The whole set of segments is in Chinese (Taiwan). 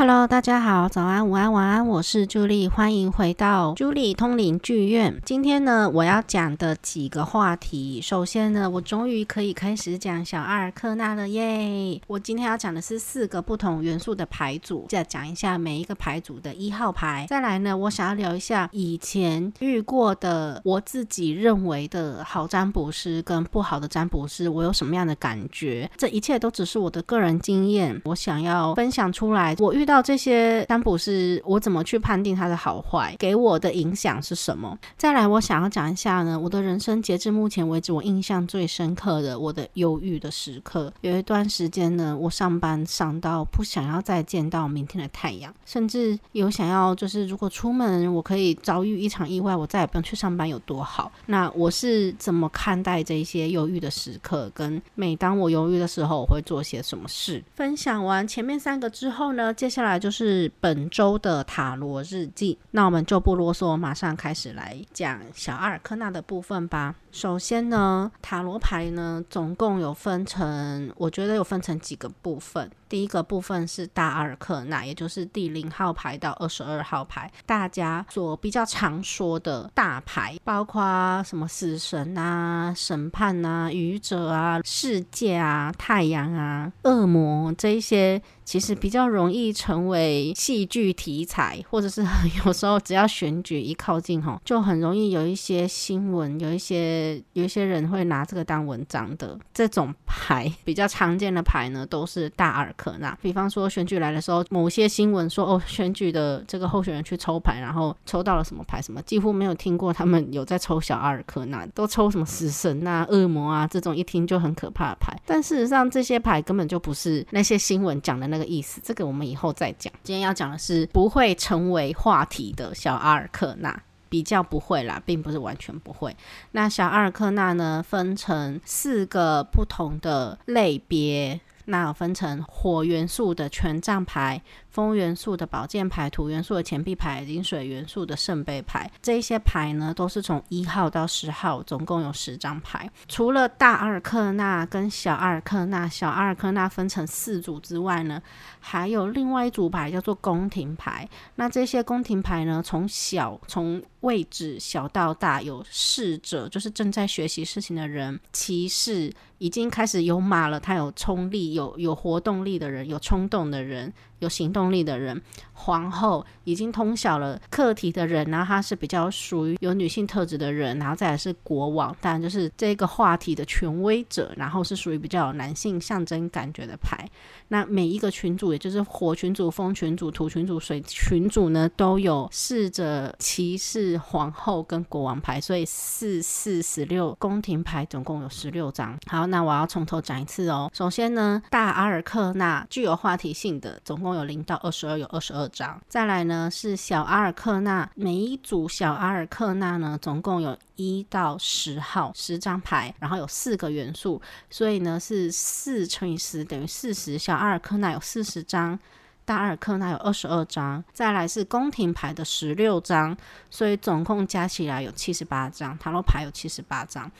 Hello，大家好，早安、午安、晚安，我是啾李，歡迎回到啾李通靈劇院。今天呢，我要講的幾個話題，首先呢，我終於可以開始講小阿爾克納了耶。我今天要講的是四個不同元素的牌組，再講一下每一個牌組的一號牌。再來呢，我想要聊一下以前遇過的我自己認為的好占卜師跟不好的占卜師，我有什麼樣的感覺？這一切都只是我的個人經驗，我想要分享出來。我遇到這些占卜，是我怎麼去判定它的好壞，給我的影響是什麼？再來，我想要講一下呢，我的人生截至目前為止，我印象最深刻的我的憂鬱的時刻，有一段時間呢，我上班上到不想要再見到明天的太陽，甚至有想要就是如果出門我可以遭遇一場意外，我再也不用去上班有多好？那我是怎麼看待這些憂鬱的時刻，跟每當我憂鬱的時候，我會做些什麼事？分享完前面三個之後呢，接下。接下來就是本周的塔羅日記，那我們就不囉嗦，馬上開始來講小阿爾克納的部分吧。首先呢，塔羅牌呢，總共有分成，我覺得有分成幾個部分。第一個部分是大阿爾克納，那也就是第零號牌到二十二號牌，大家所比較常說的大牌，包括什麼死神啊、審判啊、愚者啊、世界啊、太陽啊、惡魔這一些，其實比較容易成為戲劇題材，或者是有時候只要選舉一靠近吼，就很容易有一些新聞，有一些。有一些人會拿這個當文章的這種牌比較常見的牌呢，都是大阿爾克納。比方說選舉來的時候，某些新聞說哦，選舉的這個候選人去抽牌，然後抽到了什麼牌，什麼幾乎沒有聽過他們有在抽小阿爾克納，都抽什麼死神啊、惡魔啊這種一聽就很可怕的牌。但事實上這些牌根本就不是那些新聞講的那個意思，這個我們以後再講。今天要講的是不會成為話題的小阿爾克納。比較不會啦，並不是完全不會。那小阿爾克納呢，分成四個不同的類別，那分成火元素的權杖牌、風元素的寶劍牌、土元素的錢幣牌、銀水元素的聖杯牌。這些牌呢，都是從一號到十號，總共有十張牌。除了大阿爾克納跟小阿爾克納，小阿爾克納分成四組之外呢。還有另外一組牌叫做宮廷牌，那這些宮廷牌呢，從小從位置小到大，有侍者，就是正在學習事情的人；騎士已經開始有馬了，他有衝力、有有活動力的人，有衝動的人，有行動力的人；皇后已經通曉了課題的人，然後他是比較屬於有女性特質的人，然後再來是國王，當然就是這個話題的權威者，然後是屬於比較有男性象徵感覺的牌。那每一個群組，也就是火群組、風群組、土群組、水群組呢，都有侍者、騎士、皇後跟國王牌，所以四四十六，宮廷牌總共有十六張。好，那我要從頭講一次哦。首先呢，大阿爾克納具有話題性的，總共有零到二十二，有二十二張。再來呢是小阿爾克納，每一組小阿爾克納呢，總共有一到十號，十張牌，然後有四個元素，所以呢是四乘以十等於四十小阿爾克納有四十張，大阿爾克納有二十二張，再來是宮廷牌的十六張，所以總共加起來有七十八張，塔羅牌有七十八張。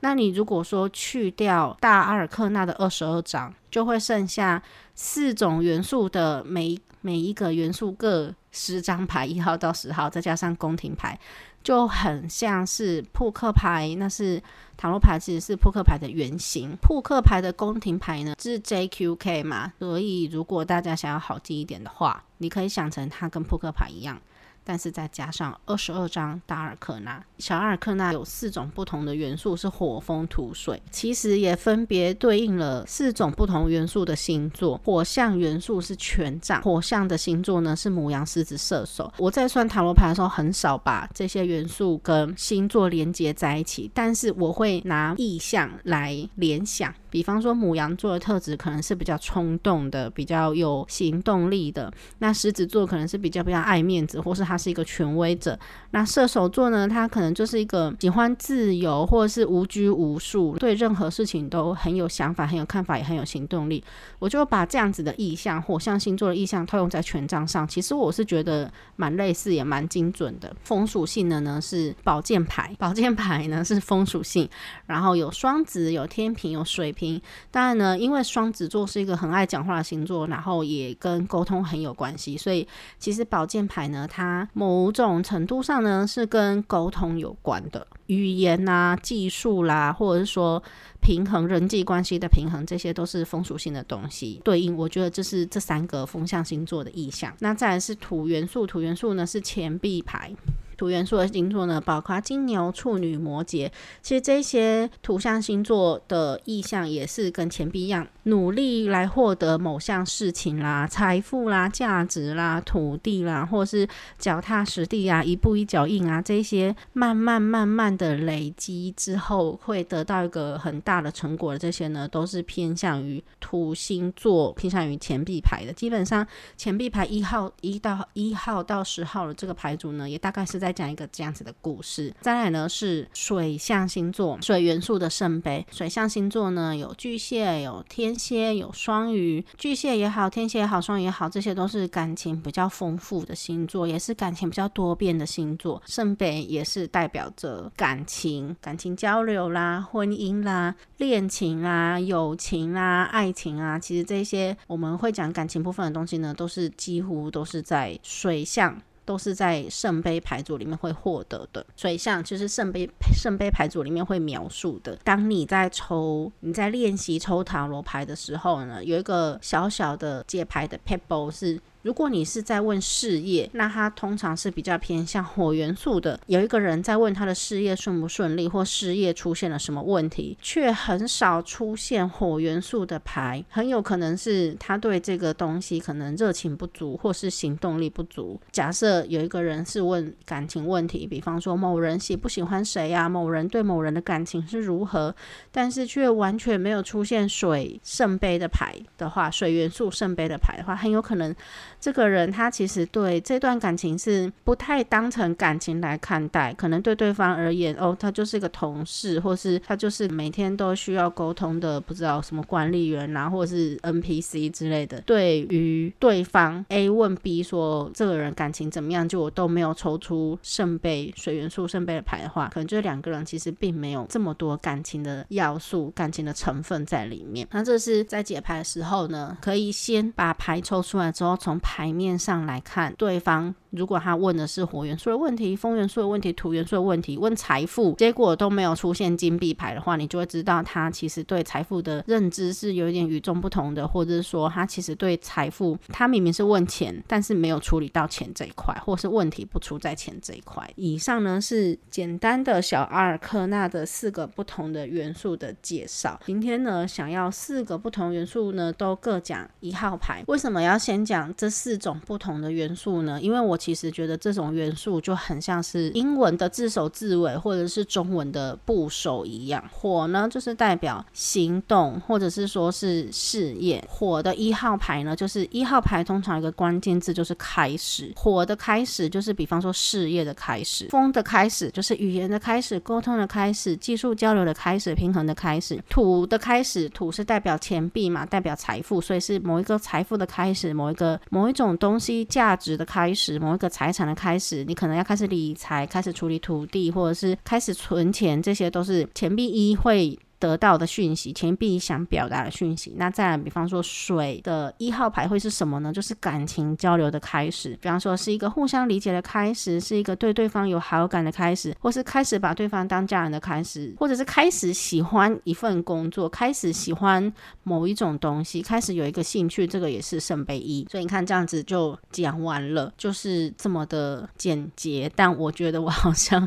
那你如果說去掉大阿爾克納的二十二張，就會剩下四種元素的每一。一。每一個元素各十張牌，一號到十號，再加上宮廷牌，就很像是撲克牌。那是塔羅牌其實是撲克牌的原型。撲克牌的宮廷牌呢，是 J、Q、K 嘛。所以如果大家想要好記一點的話，你可以想成它跟撲克牌一樣。但是再加上二十二張大阿爾克納、小阿爾克納有四種不同的元素，是火、風、土、水，其實也分別對應了四種不同元素的星座。火象元素是權杖，火象的星座呢，是牡羊、獅子、射手。我在算塔羅牌的時候很少把這些元素跟星座連接在一起，但是我會拿意象來聯想。比方說牡羊座的特質可能是比較衝動的、比較有行動力的，那獅子座可能是比較比較愛面子或是。他是一個權威者。那射手座呢？他可能就是一個喜歡自由或者是無拘無束，對任何事情都很有想法、很有看法，也很有行動力。我就把這樣子的意象，火象星座的意象套用在權杖上。其實我是覺得蠻類似，也蠻精準的。風屬性的呢是寶劍牌，寶劍牌呢是風屬性。然後有雙子，有天秤，有水瓶。當然呢，因為雙子座是一個很愛講話的星座，然後也跟溝通很有關係，所以其實寶劍牌呢，它。某種程度上呢，是跟溝通有關的，語言吶、啊、技術啦，或者是說平衡人際關係的平衡，這些都是風屬性的東西對應。我覺得這是這三個風象星座的意象。那再來是土元素，土元素呢是錢幣牌。土元素的星座呢，包括金牛、處女、摩羯，其實這些土象星座的意向也是跟錢幣一樣，努力來獲得某項事情啦、財富啦、價值啦、土地啦，或是腳踏實地啊、一步一腳印啊，這些慢慢慢慢的累積之後，會得到一個很大的成果的。這些呢，都是偏向於土星座，偏向於錢幣牌的。基本上，錢幣牌一號一到一號到十號的這個牌組呢，也大概是。再講一個這樣子的故事。再來呢，是水象星座，水元素的聖杯。水象星座呢，有巨蟹、有天蠍、有雙魚。巨蟹也好，天蠍也好，雙魚也好，這些都是感情比較豐富的星座，也是感情比較多變的星座。聖杯也是代表着感情、感情交流啦、婚姻啦、戀情啦、友情啦、愛情啦。其實這些我們會講感情部分的東西呢，都是幾乎都是在水象，都是在聖杯牌組裡面會獲得的，所以像就是聖杯聖杯牌組裡面會描述的，當你在抽你在練習抽塔羅牌的時候呢，有一個小小的解牌的 pebble 是。如果你是在問事業，那他通常是比較偏向火元素的。有一個人在問他的事業順不順利，或事業出現了什麼問題，卻很少出現火元素的牌，很有可能是他對這個東西可能熱情不足，或是行動力不足。假設有一個人是問感情問題，比方說某人喜不喜歡誰呀，某人對某人的感情是如何，但是卻完全沒有出現水聖杯的牌的話，水元素聖杯的牌的話，很有可能。這個人他其實對這段感情是不太當成感情來看待，可能對對方而言，哦，他就是一個同事，或是他就是每天都需要溝通的，不知道什麼管理員啊，或者是 NPC 之類的。對於對方 A 問 B 說這個人感情怎麼樣，就我都沒有抽出聖杯水元素聖杯的牌的話，可能就兩個人其實並沒有這麼多感情的要素、感情的成分在裡面。那這是在解牌的時候呢，可以先把牌抽出來之後從牌。牌面上來看，對方。如果他問的是火元素的問題、風元素的問題、土元素的問題，問財富，結果都沒有出現金幣牌的話，你就會知道他其實對財富的認知是有一點與眾不同的，或者是說他其實對財富，他明明是問錢，但是沒有處理到錢這一塊，或是問題不出在錢這一塊。以上呢是簡單的小阿爾克納的四個不同的元素的介紹。今天呢，想要四個不同元素呢都各講一號牌。為什麼要先講這四種不同的元素呢？因為我。其實覺得這種元素就很像是英文的字首字尾，或者是中文的部首一樣。火呢，就是代表行動，或者是說是事業。火的一號牌呢，就是一號牌通常一個關鍵字就是開始。火的開始就是比方說事業的開始，風的開始就是語言的開始，溝通的開始，技術交流的開始，平衡的開始，土的開始。土是代表錢幣嘛，代表財富，所以是某一個財富的開始，某一個某一種東西價值的開始。某一個財產的開始，你可能要開始理財，開始處理土地，或者是開始存錢，這些都是錢幣一會得到的訊息，錢幣想表達的訊息。那再來比方說，水的一號牌會是什麼呢？就是感情交流的開始。比方說，是一個互相理解的開始，是一個對對方有好感的開始，或是開始把對方當家人的開始，或者是開始喜歡一份工作，開始喜歡某一種東西，開始有一個興趣。這個也是聖杯一。所以你看，這樣子就講完了，就是這麼的簡潔。但我覺得我好像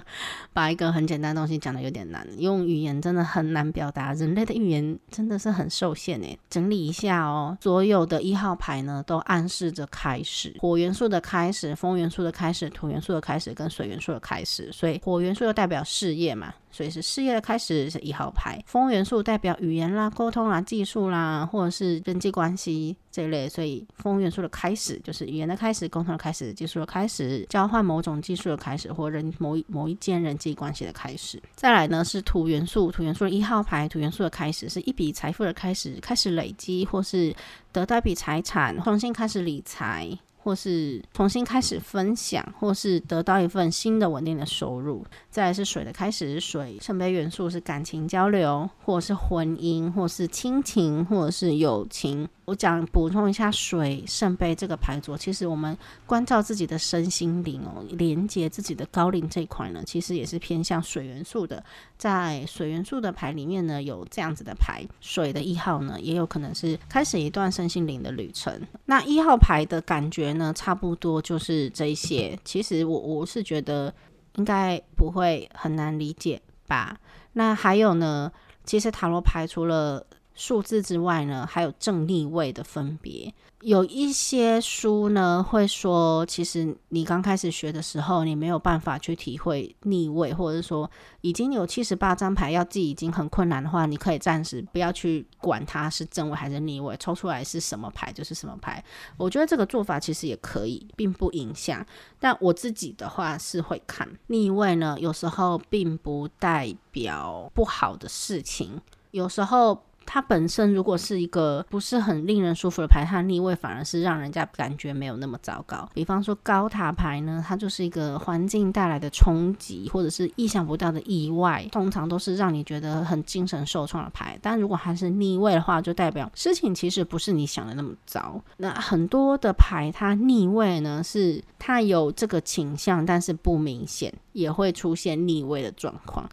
把一個很簡單的東西講的有點難，用語言真的很難表達。表達人類的語言真的是很受限哎、欸！整理一下哦，所有的一號牌呢，都暗示着開始。火元素的開始，風元素的開始，土元素的開始，跟水元素的開始。所以，火元素又代表事業嘛。所以是事業的開始是一號牌，風元素代表語言啦、溝通啦、技術啦，或者是人際關係這一類。所以風元素的開始就是語言的開始、溝通的開始、技術的開始、交換某種技術的開始，或人某一某一間人際關係的開始。再來呢是土元素，土元素的一號牌，土元素的開始是一筆財富的開始，開始累積或是得到一筆財產，重新開始理財，或是重新開始分享，或是得到一份新的穩定的收入。再來是水的開始，水，聖杯元素是感情交流，或是婚姻，或是親情，或是友情。我講補充一下，水聖杯這個牌組其實我們關照自己的身心靈哦，連接自己的高靈這一塊呢，其實也是偏向水元素的。在水元素的牌裡面呢，有這樣子的牌，水的一號呢，也有可能是開始一段身心靈的旅程。那一號牌的感覺呢，差不多就是這一些。其實我我是覺得應該不會很難理解吧？那還有呢，其實塔羅牌除了數字之外呢，還有正逆位的分別。有一些書呢，會說，其實你剛開始學的時候，你沒有辦法去體會逆位，或者說已經有七十八張牌要記已經很困難的話，你可以暫時不要去管它是正位還是逆位，抽出來是什麼牌就是什麼牌。我覺得這個做法其實也可以，並不影響。但我自己的話是會看逆位呢，有時候並不代表不好的事情，有時候。它本身如果是一個不是很令人舒服的牌，它的逆位反而是讓人家感覺沒有那麼糟糕。比方說高塔牌呢，它就是一個環境帶來的衝擊或者是意想不到的意外，通常都是讓你覺得很精神受創的牌。但如果它是逆位的話，就代表事情其實不是你想的那麼糟。那很多的牌它逆位呢，是它有這個傾向，但是不明顯，也會出現逆位的狀況。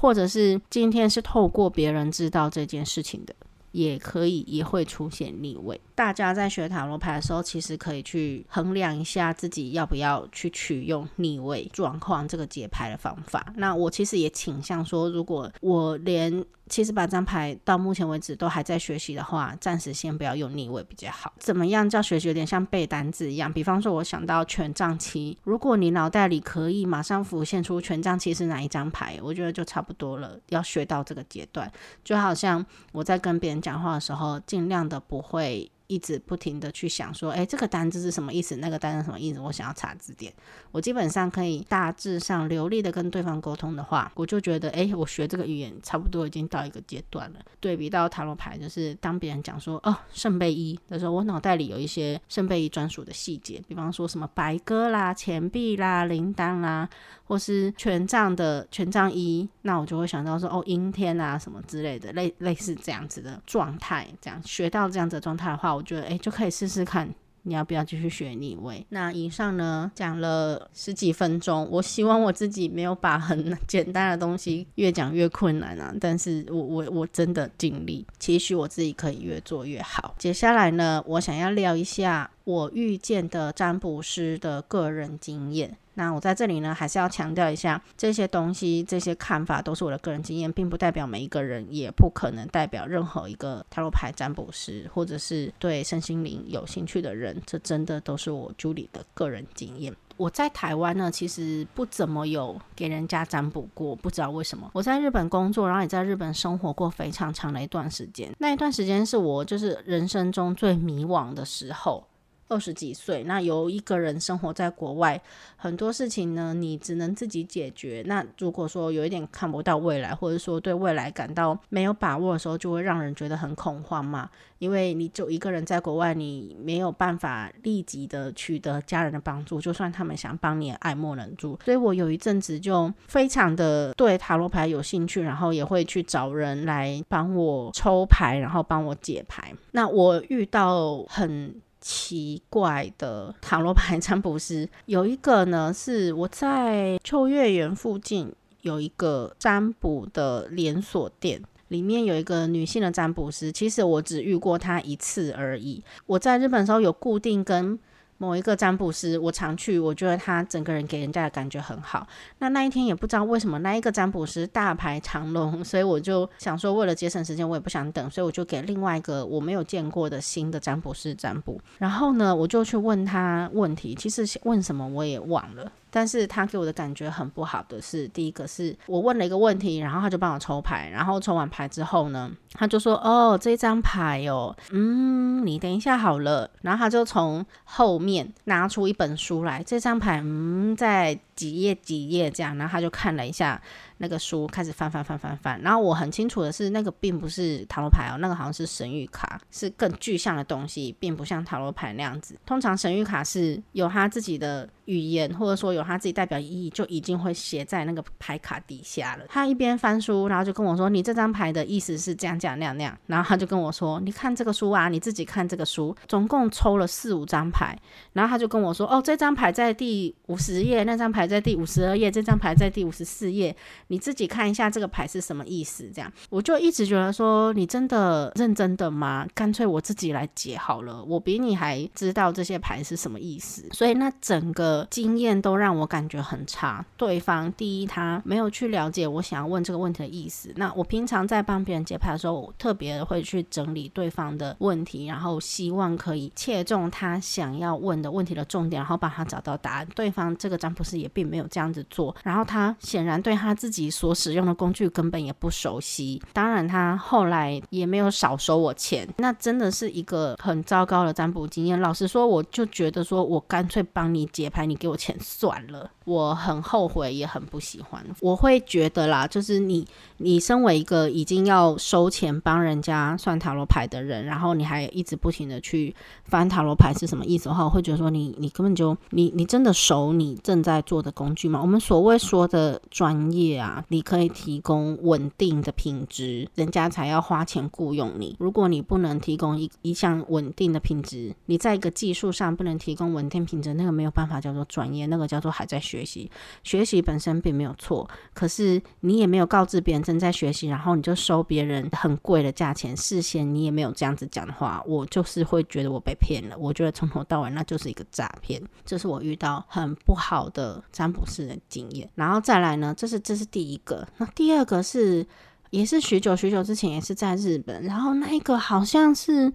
或者是今天是透過別人知道這件事情的，也可以，也會出現逆位。大家在學塔羅牌的時候，其實可以去衡量一下自己要不要去取用逆位狀況這個解牌的方法。那我其實也傾向說，如果我連七十八張牌到目前為止都還在學習的話，暫時先不要用逆位比較好。怎麼樣叫學習？有點像背單詞一樣。比方說，我想到權杖七，如果你腦袋裡可以馬上浮現出權杖七是哪一張牌，我覺得就差不多了。要學到這個階段，就好像我在跟別人講話的時候，盡量的不會。一直不停的去想說，哎、欸，這個單字是什麼意思？那個單字是什麼意思？我想要查字典。我基本上可以大致上流利的跟對方溝通的話，我就覺得，哎、欸，我學這個語言差不多已經到一個階段了。對比到塔羅牌，就是當別人講說，哦，聖杯一的時候，我腦袋裡有一些聖杯一專屬的細節，比方說什麼白鴿啦、錢幣啦、鈴鐺啦，或是權杖的權杖一，那我就會想到說，哦，陰天啊什麼之類的，類類似這樣子的狀態。這樣學到這樣子的狀態的話，我。我覺得哎、欸，就可以試試看，你要不要繼續學逆位？那以上呢，講了十幾分鐘，我希望我自己沒有把很簡單的東西越講越困難啊。但是我我我真的盡力，期許我自己可以越做越好。接下來呢，我想要聊一下我遇見的占卜師的個人經驗。那我在這裡呢，還是要強調一下，這些東西、這些看法都是我的個人經驗，並不代表每一個人，也不可能代表任何一個塔羅牌占卜師，或者是對身心靈有興趣的人。這真的都是我 Julie 的個人經驗。 我在台灣呢，其實不怎麼有給人家占卜過，不知道為什麼。我在日本工作，然後也在日本生活過非常長的一段時間。那一段時間是我就是人生中最迷惘的時候。二十幾歲，那由一個人生活在國外，很多事情呢，你只能自己解決。那如果說有一點看不到未來，或者說對未來感到沒有把握的時候，就會讓人覺得很恐慌嘛。因為你就一個人在國外，你沒有辦法立即的取得家人的幫助，就算他們想幫你也愛莫能助。所以我有一陣子就非常的對塔羅牌有興趣，然後也會去找人來幫我抽牌，然後幫我解牌。那我遇到很奇怪的塔羅牌占卜師，有一個呢，是我在秋月園附近有一個占卜的連鎖店，裡面有一個女性的占卜師。其實我只遇過她一次而已。我在日本的時候有固定跟某一個占卜師，我常去，我覺得他整個人給人家的感覺很好。那那一天也不知道為什麼，那一個占卜師大排長龍，所以我就想說，為了節省時間，我也不想等，所以我就給另外一個我沒有見過的新的占卜師占卜。然後呢，我就去問他問題，其實問什麼我也忘了。但是他給我的感覺很不好的是，第一個是我問了一個問題，然後他就幫我抽牌，然後抽完牌之後呢，他就說：“哦，這張牌哦，嗯，你等一下好了。”然後他就從後面拿出一本書來，這張牌嗯，在幾頁幾頁這樣，然後他就看了一下。那個書開始翻翻翻翻翻，然後我很清楚的是，那個並不是塔羅牌哦，那個好像是神諭卡，是更具象的東西，並不像塔羅牌那樣子。通常神諭卡是有他自己的語言，或者說有他自己代表意義，就已經會寫在那個牌卡底下了。他一邊翻書，然後就跟我說：“你這張牌的意思是這樣這樣那樣那樣。”然後他就跟我說：“你看這個書啊，你自己看這個書，總共抽了四五張牌。”然後他就跟我說：“哦，這張牌在第五十頁，那張牌在第五十二頁，這張牌在第五十四頁。”你自己看一下這個牌是什麼意思，這樣。我就一直覺得說，你真的認真的嗎？乾脆我自己來解好了，我比你還知道這些牌是什麼意思。所以那整個經驗都讓我感覺很差。對方第一，他沒有去了解我想要問這個問題的意思。那我平常在幫別人解牌的時候，我特別會去整理對方的問題，然後希望可以切中他想要問的問題的重點，然後幫他找到答案。對方這個占卜師也並沒有這樣子做，然後他顯然對他自己。所使用的工具根本也不熟悉，當然他後來也沒有少收我錢，那真的是一個很糟糕的占卜經驗。老實說，我就覺得說我乾脆幫你解牌，你給我錢算了。我很後悔，也很不喜歡。我會覺得啦，就是你，你身為一個已經要收錢幫人家算塔羅牌的人，然後你還一直不停的去翻塔羅牌是什麼意思的話，我會覺得說你，你根本就你，你真的熟你正在做的工具嗎？我們所謂說的專業啊，你可以提供穩定的品質，人家才要花錢雇傭你。如果你不能提供一一項穩定的品質，你在一個技術上不能提供穩定品質，那個沒有辦法叫做專業，那個叫做還在學。學習，學習本身並沒有錯，可是你也沒有告知別人正在學習，然後你就收別人很貴的價錢，事先你也沒有這樣子講的話，我就是會覺得我被騙了。我覺得從頭到尾那就是一個詐騙，這是我遇到很不好的占卜師的經驗。然後再來呢，這是，這是第一個，那第二個是也是許久許久之前，也是在日本，然後那一個好像是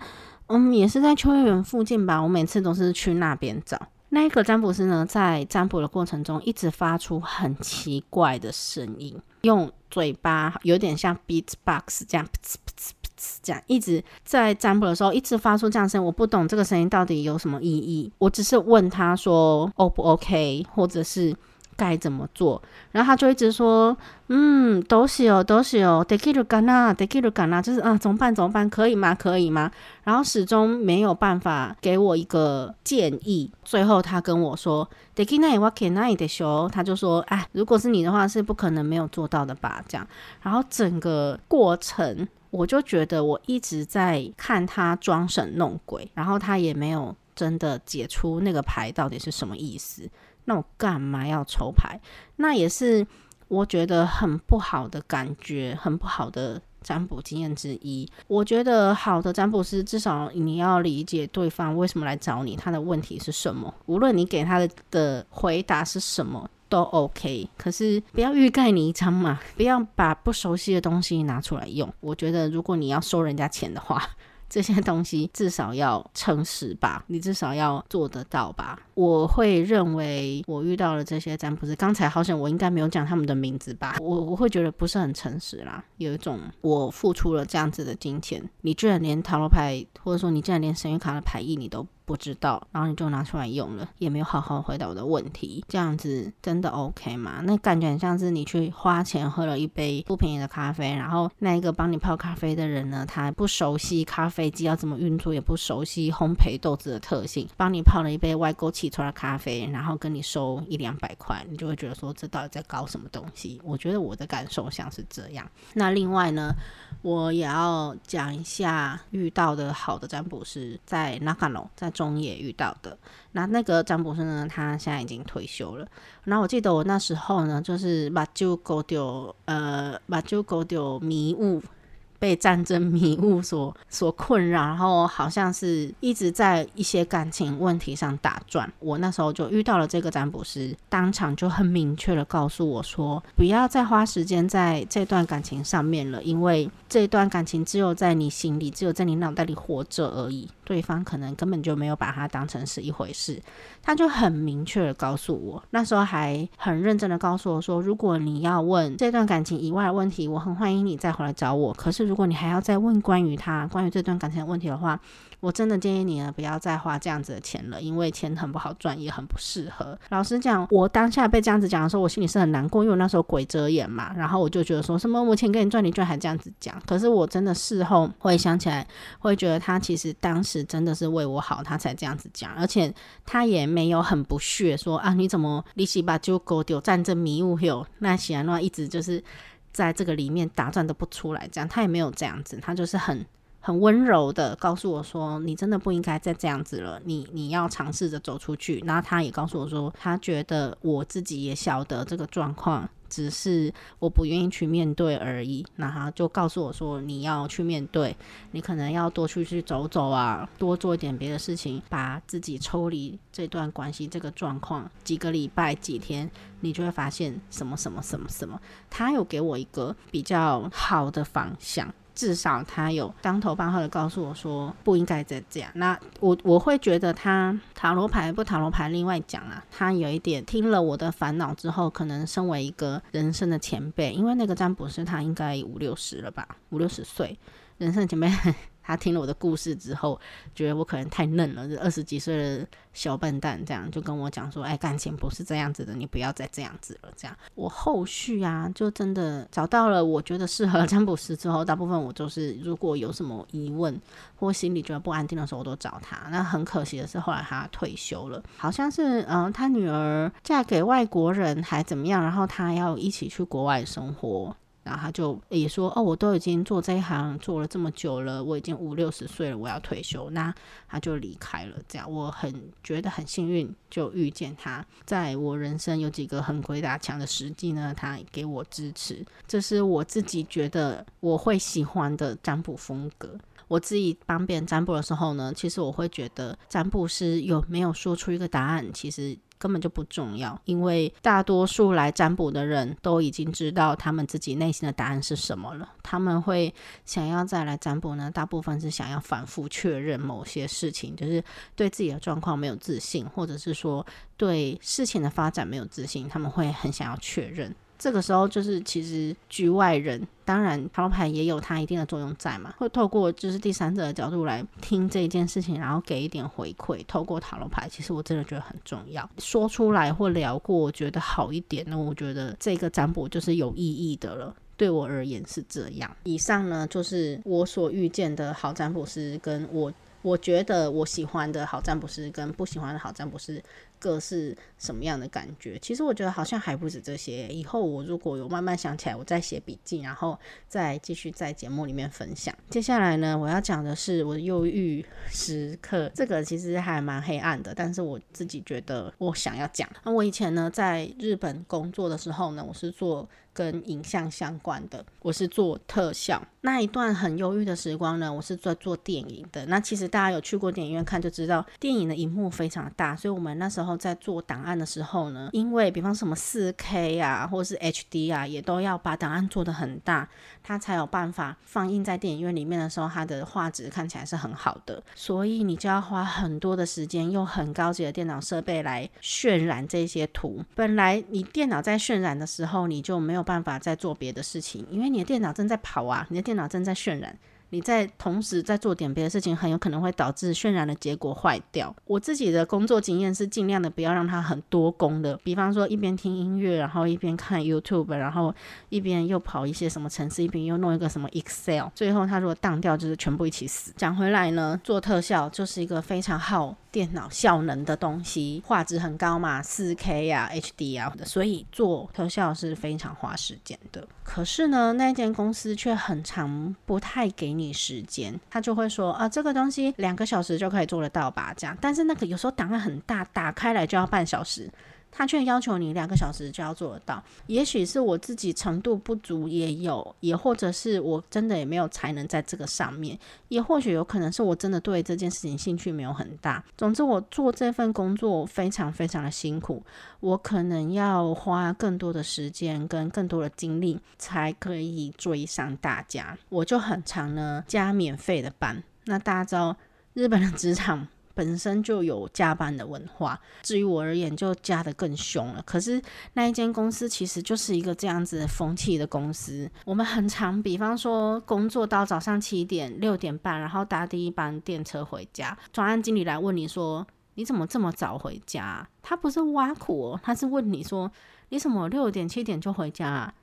嗯，也是在秋葉原附近吧，我每次都是去那邊找。那一個占卜師呢，在占卜的過程中一直發出很奇怪的聲音，用嘴巴有點像 beatbox 這樣，噗呲噗呲噗呲這樣，一直在占卜的時候一直發出這樣的聲音，我不懂這個聲音到底有什麼意義，我只是問他說，O、哦、不 OK，或者是。該怎麼做？然後他就一直說：“嗯，どうしよう，どうしよう，できるかな，できるかな。”就是啊，怎麼辦？怎麼辦？可以嗎？可以嗎？然後始終沒有辦法給我一個建議。最後他跟我說：“できないわけないでしょ。”他就說：“哎，如果是你的話，是不可能沒有做到的吧？”這樣。然後整個過程，我就覺得我一直在看他裝神弄鬼，然後他也沒有真的解出那個牌到底是什麼意思。那我幹嘛要抽牌？那也是我覺得很不好的感覺，很不好的占卜經驗之一。我覺得好的占卜師，至少你要理解對方為什麼來找你，他的問題是什麼。無論你給他的回答是什麼都 OK，可是不要欲蓋彌彰嘛，不要把不熟悉的東西拿出來用。我覺得如果你要收人家錢的話，這些東西至少要誠實吧，你至少要做得到吧。我會認為我遇到了這些占卜師，剛才好像我應該沒有講他們的名字吧。我我會覺得不是很誠實啦，有一種我付出了這樣子的金錢，你居然連塔羅牌，或者說你竟然連神諭卡的牌意，你都不。不知道，然後你就拿出來用了，也沒有好好回答我的問題，這樣子真的 OK 嗎？那感覺很像是你去花錢喝了一杯不便宜的咖啡，然後那一個幫你泡咖啡的人呢，他不熟悉咖啡機要怎麼運作，也不熟悉烘焙豆子的特性，幫你泡了一杯外勾汽串的咖啡，然後跟你收一兩百塊，你就會覺得說，這到底在搞什麼東西？我覺得我的感受像是這樣。那另外呢，我也要講一下遇到的好的占卜師，在拉卡農，在中也遇到的，那那個占卜師呢，他現在已經退休了。那我記得我那時候呢，就是把丘溝丟呃把丘溝丟迷霧，被戰爭迷霧所所困擾，然後好像是一直在一些感情問題上打轉。我那時候就遇到了這個占卜師，當場就很明確的告訴我說，不要再花時間在這段感情上面了，因為這段感情只有在你心裡，只有在你腦袋裡活着而已。對方可能根本就沒有把他當成是一回事，他就很明確的告訴我，那時候還很認真的告訴我說，說如果你要問這段感情以外的問題，我很歡迎你再回來找我。可是如果你還要再問關於他、關於這段感情的問題的話，我真的建議你呢，不要再花這樣子的錢了，因為錢很不好賺，也很不適合。老實講，我當下被這樣子講的時候，我心裡是很難過，因為我那時候鬼遮眼嘛。然後我就覺得說，什麼我錢給你賺，你賺還這樣子講。可是我真的事後會想起來，會覺得他其實當時真的是為我好，他才這樣子講，而且他也沒有很不屑說啊，你怎麼利息把就勾丟，戰爭迷霧 h i 那顯然的話，一直就是在這個裡面打轉都不出來，這樣他也沒有這樣子，他就是很。很溫柔的告訴我說：“你真的不應該再這樣子了，你你要嘗試着走出去。”然後他也告訴我說：“他覺得我自己也曉得這個狀況，只是我不願意去面對而已。”那他就告訴我說：“你要去面對，你可能要多出去、去走走啊，多做一點別的事情，把自己抽離這段關係這個狀況。幾個禮拜幾天，你就會發現什麼什麼什麼什麼。”他有給我一個比較好的方向。至少他有當頭棒喝的告訴我，說不應該再這樣。那我我會覺得他塔羅牌不塔羅牌，另外講啊，他有一點聽了我的煩惱之後，可能身為一個人生的前輩，因為那個占卜師他應該五六十了吧，五六十歲，人生的前輩。呵呵他聽了我的故事之後，覺得我可能太嫩了，二十幾歲的小笨蛋這樣，就跟我講說，哎，感情不是這樣子的，你不要再這樣子了。這樣，我後續啊，就真的找到了我覺得適合占卜師之後，大部分我都是如果有什麼疑問或心裡覺得不安定的時候，我都找他。那很可惜的是，後來他退休了，好像是嗯，他女兒嫁給外國人還怎麼樣，然後他要一起去國外生活。然後他就也說，哦，我都已經做這一行做了這麼久了，我已經五六十歲了，我要退休，那他就離開了。這樣，我很覺得很幸運，就遇見他，在我人生有幾個很鬼打牆的時機呢，他給我支持。這是我自己覺得我會喜歡的占卜風格。我自己幫別人占卜的時候呢，其實我會覺得占卜師有沒有說出一個答案，其實。根本就不重要，因為大多數來占卜的人都已經知道他們自己內心的答案是什麼了。他們會想要再來占卜呢，大部分是想要反覆確認某些事情，就是對自己的狀況沒有自信，或者是說對事情的發展沒有自信，他們會很想要確認。這個時候就是其實局外人，當然塔羅牌也有它一定的作用在嘛，會透過就是第三者的角度來聽這件事情，然後給一點回饋。透過塔羅牌，其實我真的覺得很重要。說出來或聊過，我覺得好一點，那我覺得這個占卜就是有意義的了。對我而言是這樣。以上呢，就是我所遇見的好占卜師，跟我我覺得我喜歡的好占卜師，跟不喜歡的好占卜師。個是什麼樣的感覺？其實我覺得好像還不止這些。以後我如果有慢慢想起來，我再寫筆記，然後再繼續在節目裡面分享。接下來呢，我要講的是我的憂鬱時刻，這個其實還蠻黑暗的，但是我自己覺得我想要講。那我以前呢，在日本工作的時候呢，我是做。跟影像相關的，我是做特效。那一段很憂鬱的時光呢，我是在做電影的。那其實大家有去過電影院看就知道，電影的熒幕非常大，所以我們那時候在做檔案的時候呢，因為比方什麼四 K 啊，或是 HD 啊，也都要把檔案做得很大，它才有辦法放映在電影院裡面的時候，它的畫質看起來是很好的。所以你就要花很多的時間，用很高級的電腦設備來渲染這些圖。本來你電腦在渲染的時候，你就沒有。辦法再做別的事情，因為你的電腦正在跑啊，你的電腦正在渲染。你在同時在做點別的事情，很有可能會導致渲染的結果壞掉。我自己的工作經驗是儘量的不要讓它很多工的，比方說一邊聽音樂，然後一邊看 YouTube，然後一邊又跑一些什麼程式，一邊又弄一個什麼 Excel。最後它如果當掉，就是全部一起死。講回來呢，做特效就是一個非常耗電腦效能的東西，畫質很高嘛，四 K 呀、HDR 的，所以做特效是非常花時間的。可是呢，那間公司卻很常不太給。你時間，他就會說啊、呃，這個東西兩個小時就可以做得到吧？這樣，但是那個有時候檔案很大，打開來就要半小時。他卻要求你兩個小時就要做得到，也許是我自己程度不足也有，也或者是我真的也沒有才能在這個上面，也或許有可能是我真的對這件事情興趣沒有很大。總之，我做這份工作非常非常的辛苦，我可能要花更多的時間跟更多的精力才可以追上大家。我就很常呢，加免費的班。那大家知道日本的職場，本身就有加班的文化，至於我而言，就加得更兇了。可是那一間公司其實就是一個這樣子的風氣的公司。我們很常，比方說工作到早上七點六點半，然後搭第一班電車回家。專案經理來問你說：“你怎麼這麼早回家？”他不是挖苦、哦，他是問你說：“你怎麼六點七點就回家、啊？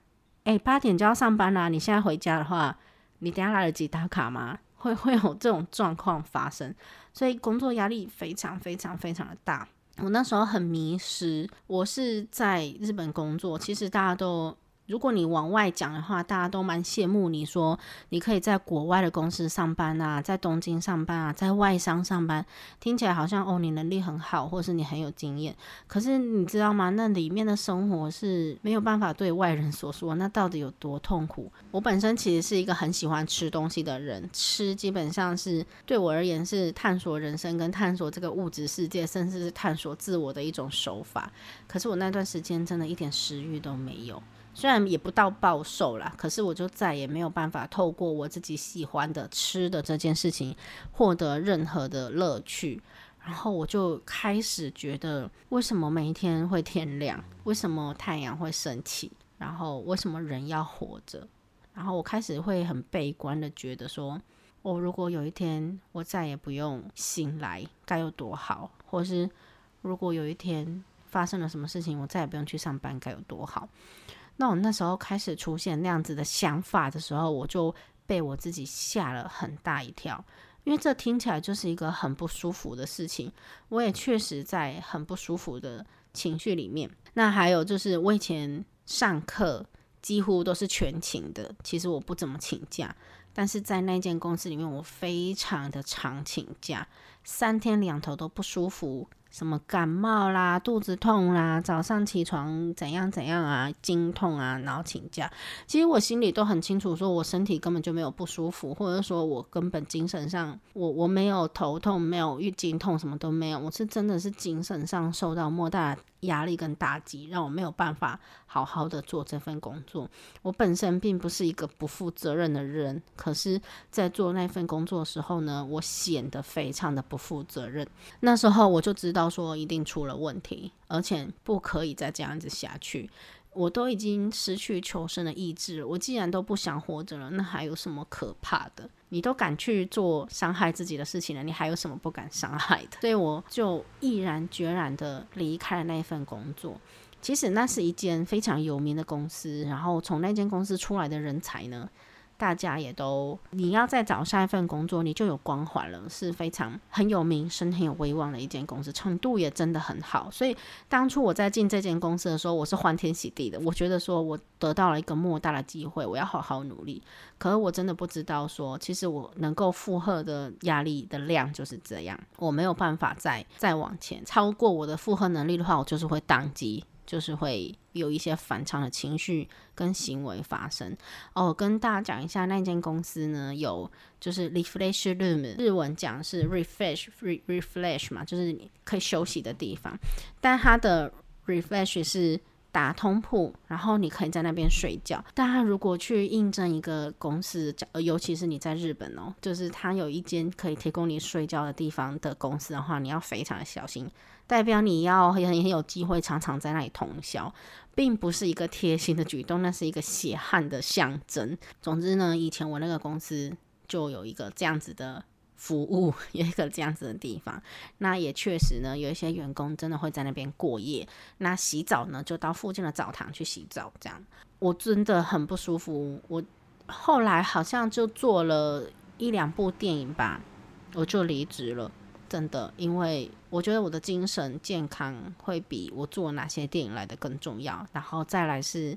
誒、欸，八點就要上班啦、啊。你現在回家的話，你等下來得及打卡嗎？”會會有這種狀況發生，所以工作壓力非常非常非常的大。我那時候很迷失，我是在日本工作，其實大家都。如果你往外講的話，大家都蠻羨慕你說你可以在國外的公司上班啊，在東京上班啊，在外商上班，聽起來好像哦，你能力很好，或是你很有經驗。可是你知道嗎？那裡面的生活是沒有辦法對外人所說，那到底有多痛苦？我本身其實是一個很喜歡吃東西的人，吃基本上是對我而言是探索人生跟探索這個物質世界，甚至是探索自我的一種手法。可是我那段時間真的一點食慾都沒有。雖然也不到暴瘦啦，可是我就再也沒有辦法透過我自己喜歡的吃的這件事情獲得任何的樂趣。然後我就開始覺得，為什麼每一天會天亮？為什麼太陽會升起？然後為什麼人要活着？然後我開始會很悲觀的覺得說，我、哦、如果有一天我再也不用醒來，該有多好？或是如果有一天發生了什麼事情，我再也不用去上班，該有多好？那我那時候開始出現那樣子的想法的時候，我就被我自己嚇了很大一跳，因為這聽起來就是一個很不舒服的事情。我也確實在很不舒服的情緒裡面。那還有就是，我以前上課幾乎都是全勤的，其實我不怎麼請假。但是在那間公司裡面，我非常的常請假，三天兩頭都不舒服。什麼感冒啦，肚子痛啦，早上起床怎樣怎樣啊，經痛啊，然後請假。其實我心裡都很清楚，說我身體根本就沒有不舒服，或者說我根本精神上，我我沒有頭痛，沒有月經痛，什麼都沒有。我是真的是精神上受到莫大。壓力跟打擊，讓我沒有辦法好好的做這份工作。我本身並不是一個不負責任的人，可是在做那份工作的時候呢，我顯得非常的不負責任。那時候我就知道說一定出了問題，而且不可以再這樣子下去。我都已經失去求生的意志了，我既然，都不想活着了，那還有什麼可怕的？你都敢去做傷害自己的事情了，你還有什麼不敢傷害的？所以我就毅然決然的離開了那一份工作。其實那是一間非常有名的公司，然後從那間公司出來的人才呢，大家也都，你要再找下一份工作，你就有光環了，是非常很有名聲、很有威望的一間公司，程度也真的很好。所以當初我在進這間公司的時候，我是歡天喜地的，我覺得說我得到了一個莫大的機會，我要好好努力。可是我真的不知道說，其實我能夠負荷的壓力的量就是這樣，我沒有辦法再再往前超過我的負荷能力的話，我就是會當機，就是會。有一些反常的情緒跟行為發生哦。跟大家講一下，那間公司呢，有就是 refresh room，日文講是 refresh，refresh re, refresh 嘛，就是可以休息的地方。但它的 refresh 是打通鋪，然後你可以在那邊睡覺。但它如果去應徵一個公司，呃，尤其是你在日本哦，就是它有一間可以提供你睡覺的地方的公司的話，你要非常的小心。代表你要很很有機會，常常在那裡通宵，並不是一個貼心的舉動，那是一個血汗的象徵。總之呢，以前我那個公司就有一個這樣子的服務，有一個這樣子的地方。那也確實呢，有一些員工真的會在那邊過夜。那洗澡呢，就到附近的澡堂去洗澡。這樣，我真的很不舒服。我後來好像就做了一兩部電影吧，我就離職了。真的，因為我覺得我的精神健康會比我做哪些電影來的更重要。然後再來是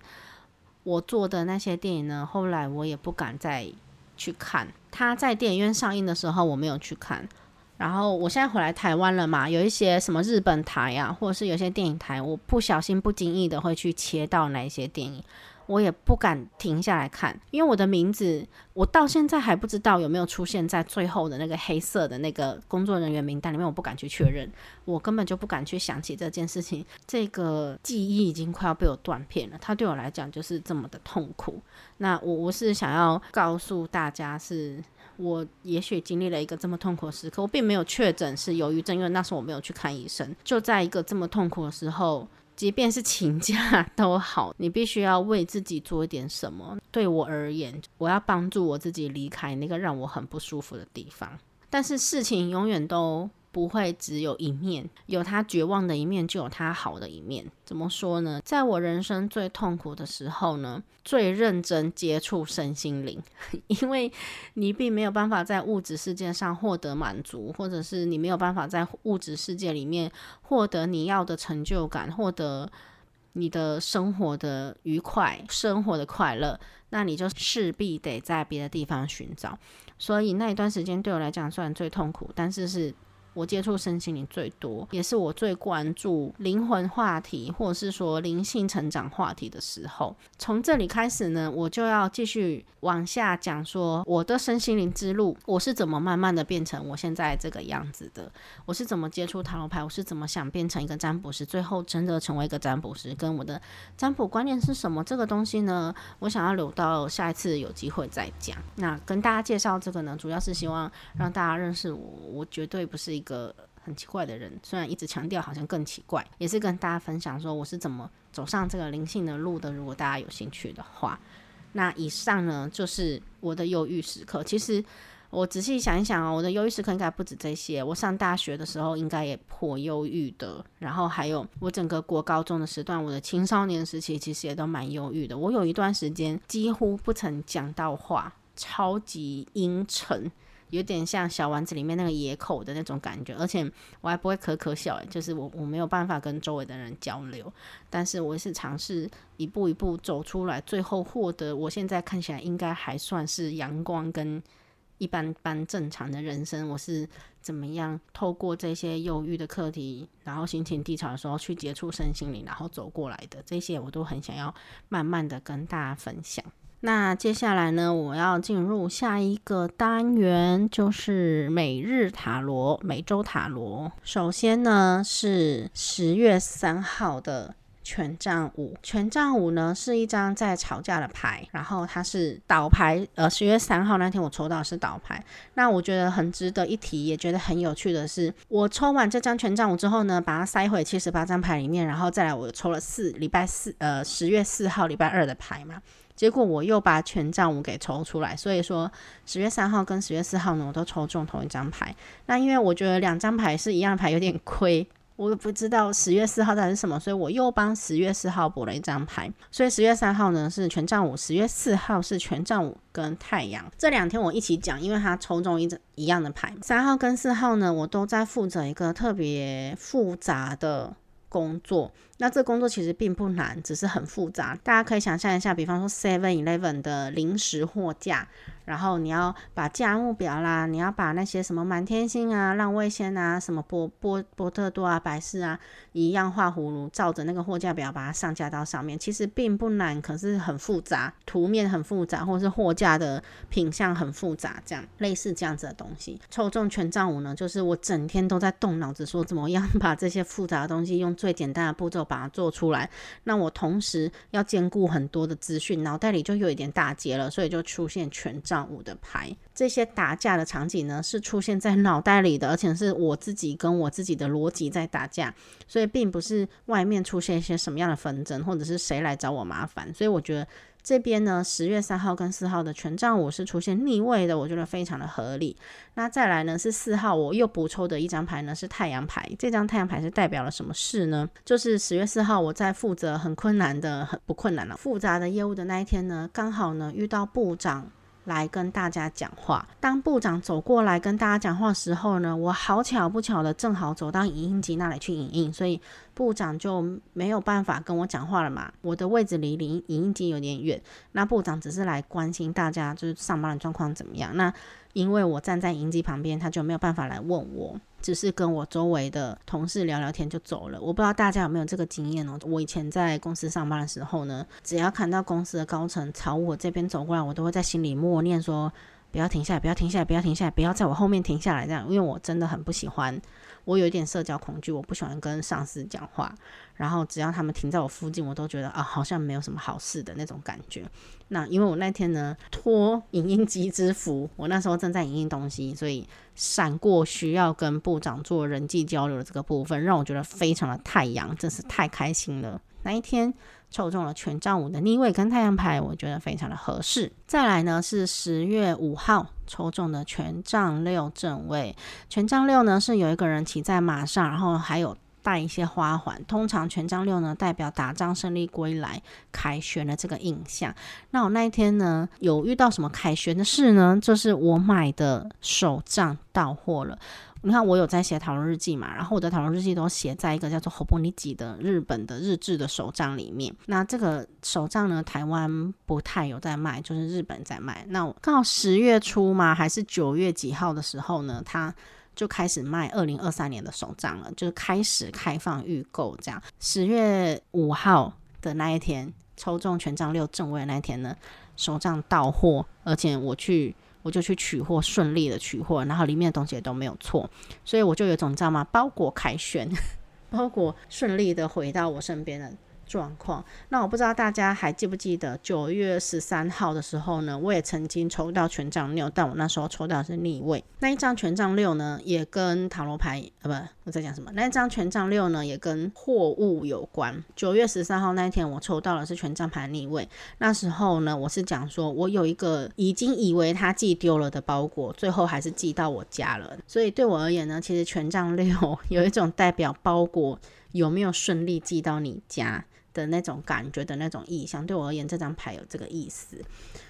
我做的那些電影呢，後來我也不敢再去看。他在電影院上映的時候我沒有去看，然後我現在回來台灣了嘛，有一些什麼日本台啊，或者是有些電影台，我不小心不經意的會去切到哪一些電影。我也不敢停下來看，因為我的名字，我到現在還不知道有沒有出現在最後的那個黑色的那個工作人員名單裡面，我不敢去確認，我根本就不敢去想起這件事情，這個記憶已經快要被我斷片了。它對我來講就是這麼的痛苦。那我我是想要告訴大家是，是我也許經歷了一個這麼痛苦的時刻，我並沒有確診是憂鬱症，因為那時候我沒有去看醫生，就在一個這麼痛苦的時候。即便是請假都好，你必須要為自己做一點什麼。對我而言，我要幫助我自己離開那個讓我很不舒服的地方。但是事情永遠都不會只有一面，有他絕望的一面，就有他好的一面。怎麼說呢？在我人生最痛苦的時候呢，最認真接觸身心靈，因為你並沒有辦法在物質世界上獲得滿足，或者是你沒有辦法在物質世界裡面獲得你要的成就感，獲得你的生活的愉快、生活的快樂，那你就勢必得在別的地方尋找。所以那一段時間對我來講算最痛苦，但是是。我接觸身心靈最多，也是我最關注靈魂話題，或者是說靈性成長話題的時候。從這裡開始呢，我就要繼續往下講說，說我的身心靈之路，我是怎麼慢慢的變成我現在這個樣子的，我是怎麼接觸塔羅牌，我是怎麼想變成一個占卜師，最後真的成為一個占卜師，跟我的占卜觀念是什麼？這個東西呢，我想要留到下一次有機會再講。那跟大家介紹這個呢，主要是希望讓大家認識我。我絕對不是一個。個很奇怪的人，雖然一直強調好像更奇怪，也是跟大家分享說我是怎麼走上這個靈性的路的。如果大家有興趣的話，那以上呢，就是我的憂鬱時刻。其實我仔細想一想啊、哦，我的憂鬱時刻應該不止這些。我上大學的時候應該也頗憂鬱的，然後還有我整個國高中的時段，我的青少年時期其實也都蠻憂鬱的。我有一段時間幾乎不曾講到話，超級陰沉。有點像小丸子裡面那個野口的那種感覺，而且我還不會可可笑欸，就是我我沒有辦法跟周圍的人交流，但是我是嘗試一步一步走出來，最後獲得我現在看起來應該還算是陽光跟一般般正常的人生。我是怎麼樣透過這些憂鬱的課題，然後心情低潮的時候去接觸身心靈，然後走過來的，這些我都很想要慢慢的跟大家分享。那接下來呢，我要進入下一個單元，就是每日塔羅、每周塔羅。首先呢，是十月三號的權杖五。權杖五呢是一張在吵架的牌，然後它是倒牌。呃，十月三號那天我抽到是倒牌。那我覺得很值得一提，也覺得很有趣的是，我抽完這張權杖五之後呢，把它塞回七十八張牌裡面，然後再來我抽了四禮拜四，呃，十月四號禮拜二的牌嘛。結果我又把權杖五給抽出來，所以說十月三號跟十月四號呢，我都抽中同一張牌。那因為我覺得兩張牌是一樣牌有點虧，我也不知道十月四號到底是什麼，所以我又幫十月四號補了一張牌。所以十月三號呢是權杖五，十月四號是權杖五跟太陽。這兩天我一起講，因為他抽中一張一樣的牌。三號跟四號呢，我都在負責一個特別複雜的。工作，那這個工作其實並不難，只是很複雜。大家可以想象一下，比方說 Seven Eleven 的臨時貨架。然後你要把價目表啦，你要把那些什麼滿天星啊、浪味仙啊、什麼波波波特多啊、百事啊，一樣畫葫蘆，照着那個貨架表把它上架到上面，其實並不難，可是很複雜，圖面很複雜，或是貨架的品相很複雜，這樣類似這樣子的東西。抽中權杖五呢，就是我整天都在動腦子，說怎麼樣把這些複雜的東西用最簡單的步驟把它做出來。那我同時要兼顧很多的資訊，腦袋裡就有一點打結了，所以就出現權杖五的牌，這些打架的場景呢，是出現在腦袋裡的，而且是我自己跟我自己的邏輯在打架，所以並不是外面出現一些什麼樣的紛爭，或者是誰來找我麻煩。所以我覺得這邊呢，十月三號跟四號的權杖五是出現逆位的，我覺得非常的合理。那再來呢，是四號我又補抽的一張牌呢，是太陽牌。這張太陽牌是代表了什麼事呢？就是十月四號我在負責很困難的、很不困難了複雜的業務的那一天呢，剛好呢遇到部長。來跟大家講話。當部長走過來跟大家講話時候呢，我好巧不巧的正好走到影印機那裡去影印，所以部長就沒有辦法跟我講話了嘛。我的位置離影印機有點遠，那部長只是來關心大家就是上班的狀況怎麼樣。那因為我站在影印機旁邊，他就沒有辦法來問我。只是跟我周圍的同事聊聊天就走了，我不知道大家有沒有這個經驗哦。我以前在公司上班的時候呢，只要看到公司的高層朝我這邊走過來，我都會在心裡默念說：“不要停下來，不要停下來，不要停下來，不要在我後面停下來。”這樣，因為我真的很不喜歡。我有一點社交恐懼，我不喜歡跟上司講話，然後只要他們停在我附近，我都覺得啊，好像沒有什麼好事的那種感覺。那因為我那天呢，托影印機之福，我那時候正在影印東西，所以閃過需要跟部長做人際交流的這個部分，讓我覺得非常的太陽，真是太開心了。那一天，抽中了權杖五的逆位跟太陽牌，我覺得非常的合適。再來呢是十月五號抽中的權杖六正位，權杖六呢是有一個人騎在馬上，然後還有帶一些花環。通常權杖六呢代表打仗勝利歸來凱旋的這個印象。那我那一天呢，有遇到什麼凱旋的事呢？就是我買的手杖到貨了。你看我有在寫塔羅日記嘛，然後我的塔羅日記都寫在一個叫做《Hobonichi》的日本的日誌的手賬裡面。那這個手賬呢，台灣不太有在賣，就是日本在賣。那我剛好十月初嘛，還是九月幾號的時候呢，他就開始賣二零二三年的手賬了，就是開始開放預購這樣。十月五號的那一天，抽中權杖六正位那一天呢，手賬到貨，而且我去。我就去取貨，順利的取貨，然後裡面的東西也都沒有錯，所以我就有種，你知道嗎？包裹凱旋， 包裹順利的回到我身邊了。狀況，那我不知道大家還記不記得九月十三號的時候呢？我也曾經抽到權杖六，但我那時候抽到的是逆位。那一張權杖六呢，也跟塔羅牌呃……啊、不，我在講什麼？那一張權杖六呢，也跟貨物有關。九月十三號那一天，我抽到的是權杖牌逆位。那時候呢，我是講說我有一個已經以為他寄丟了的包裹，最後還是寄到我家了。所以對我而言呢，其實權杖六有一種代表包裹有沒有順利寄到你家，的那種感覺的那種意象，對我而言，這張牌有這個意思。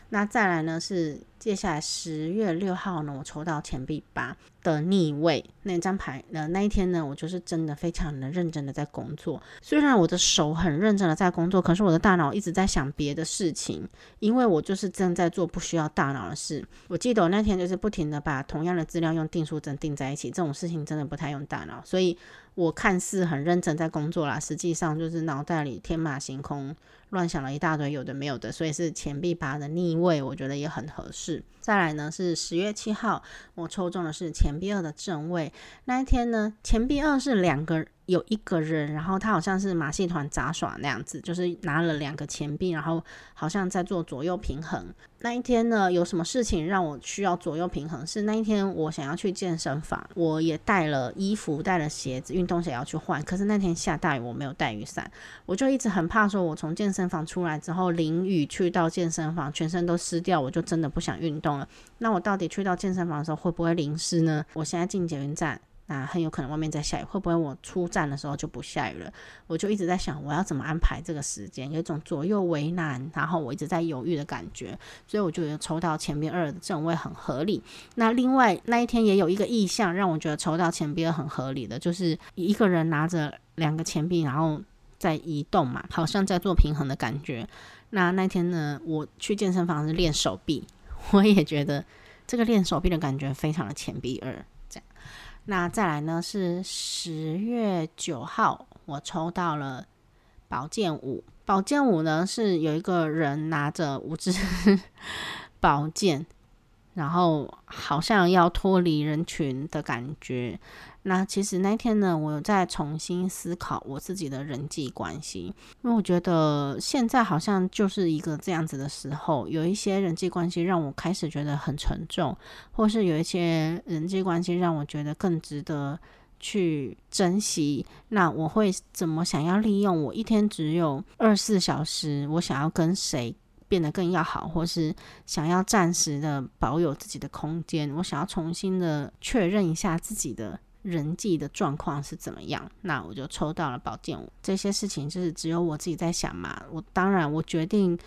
那再來呢是。接下來十月六號呢，我抽到錢幣八的逆位，那張牌呢。那一天呢，我就是真的非常的認真的在工作。雖然我的手很認真的在工作，可是我的大腦一直在想別的事情，因為我就是正在做不需要大腦的事。我記得我那天就是不停的把同樣的資料用訂書針釘在一起，這種事情真的不太用大腦。所以我看似很認真在工作啦，實際上就是腦袋裡天馬行空，亂想了一大堆有的沒有的。所以是錢幣八的逆位，我覺得也很合適。再來呢是十月七號，我抽中的是錢幣二的正位。那一天呢，錢幣二是兩個人。有一個人，然後他好像是馬戲團雜耍那樣子，就是拿了兩個錢幣，然後好像在做左右平衡。那一天呢，有什麼事情讓我需要左右平衡？是那一天我想要去健身房，我也帶了衣服、帶了鞋子，運動鞋要去換。可是那天下大雨，我沒有帶雨傘，我就一直很怕說，我從健身房出來之後淋雨，去到健身房全身都濕掉，我就真的不想運動了。那我到底去到健身房的時候會不會淋濕呢？我現在進捷運站。那很有可能外面在下雨，會不會我出站的時候就不下雨了？我就一直在想我要怎麼安排這個時間，有一種左右為難，然後我一直在猶豫的感覺。所以我覺得抽到錢幣二的正位很合理。那另外那一天也有一個意象讓我覺得抽到錢幣二很合理的，就是一個人拿着兩個錢幣，然後在移動嘛，好像在做平衡的感覺。那那天呢，我去健身房是練手臂，我也覺得這個練手臂的感覺非常的錢幣二這樣。那再來呢，是十月九號，我抽到了寶劍五。寶劍五呢，是有一個人拿着五支寶劍。然後好像要脫離人群的感覺。那其實那天呢，我在重新思考我自己的人際關係，因為我覺得現在好像就是一個這樣子的時候，有一些人際關係讓我開始覺得很沉重，或是有一些人際關係讓我覺得更值得去珍惜。那我會怎麼想要利用我一天只有二十四小時？我想要跟誰？變得更要好，或是想要暫時的保有自己的空間，我想要重新的確認一下自己的人際的狀況是怎麼樣，那我就抽到了寶劍五。這些事情就是只有我自己在想嘛，我當然我決定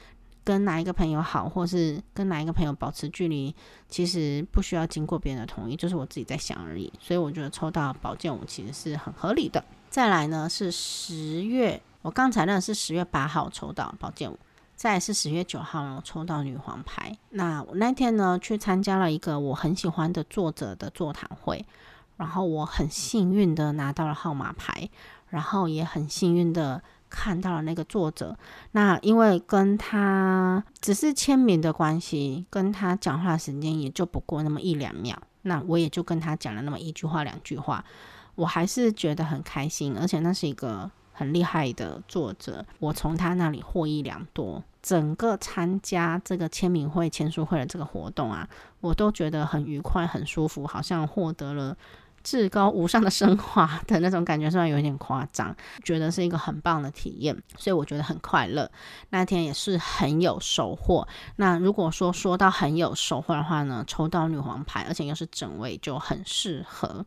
跟哪一個朋友好，或是跟哪一個朋友保持距離，其實不需要經過別人的同意，就是我自己在想而已。所以我覺得抽到寶劍五其實是很合理的。再來呢是十月，我剛才呢是十月八號抽到寶劍五。再來是十月九號，然後我抽到女皇牌。那我那天呢，去參加了一個我很喜歡的作者的座談會，然後我很幸運的拿到了號碼牌，然後也很幸運的看到了那個作者。那因為跟他只是簽名的關係，跟他講話的時間也就不過那麼一兩秒，那我也就跟他講了那麼一句話兩句話，我還是覺得很開心，而且那是一個。很厲害的作者，我從他那裡獲益良多。整個參加這個簽名會、簽書會的這個活動啊，我都覺得很愉快、很舒服，好像獲得了至高無上的升華的那種感覺，雖然有點誇張，覺得是一個很棒的體驗，所以我覺得很快樂。那天也是很有收穫。那如果說說到很有收穫的話呢，抽到女皇牌，而且又是正位，就很適合。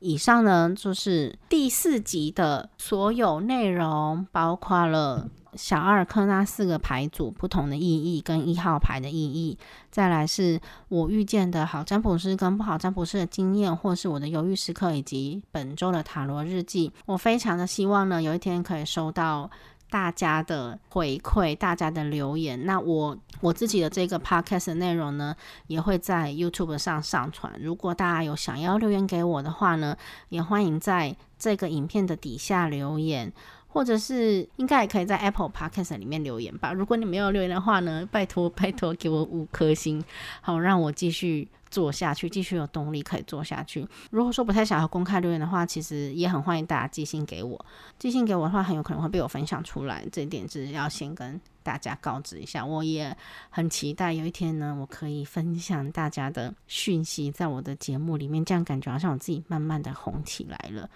以上呢，就是第四集的所有內容，包括了小阿爾克納四個牌組不同的意義跟一號牌的意義，再來是我遇見的好占卜師跟不好占卜師的經驗，或是我的猶豫時刻，以及本周的塔羅日記。我非常的希望呢，有一天可以收到。大家的回饋，大家的留言，那我我自己的這個 podcast 的內容呢，也會在 YouTube 上上傳。如果大家有想要留言給我的話呢，也歡迎在這個影片的底下留言。或者是應該也可以在 Apple Podcast 裡面留言吧。如果你沒有留言的話呢，拜託拜託給我五顆星，好讓我繼續做下去，繼續有動力可以做下去。如果說不太想要公開留言的話，其實也很歡迎大家寄信給我。寄信給我的話，很有可能會被我分享出來，這一點就是要先跟大家告知一下。我也很期待有一天呢，我可以分享大家的訊息在我的節目裡面，這樣感覺好像我自己慢慢的紅起來了。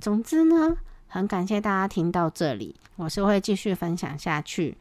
總之呢。很感謝大家聽到這裡，我是會繼續分享下去，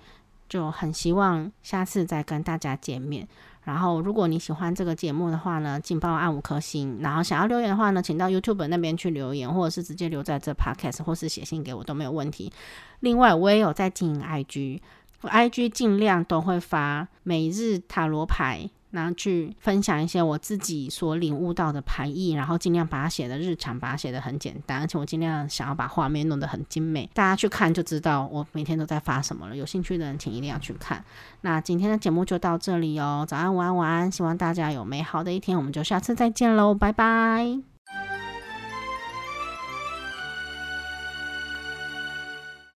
就很希望下次再跟大家見面。然後，如果你喜歡這個節目的話呢，請幫我按五顆星。然後想要留言的話呢，請到 YouTube 那邊去留言，或者是直接留在這 Podcast，或是寫信給我都沒有問題。另外，我也有在經營 IG，我 IG 盡量都會發每日塔羅牌。然後去分享一些我自己所領悟到的牌意，然後盡量把它寫的日常，把它寫的很簡單，而且我盡量想要把畫面弄得很精美，大家去看就知道我每天都在發什麼了。有興趣的人請一定要去看。那今天的節目就到這裡哦，早安、午安、晚安，希望大家有美好的一天，我們就下次再見嘍，拜拜。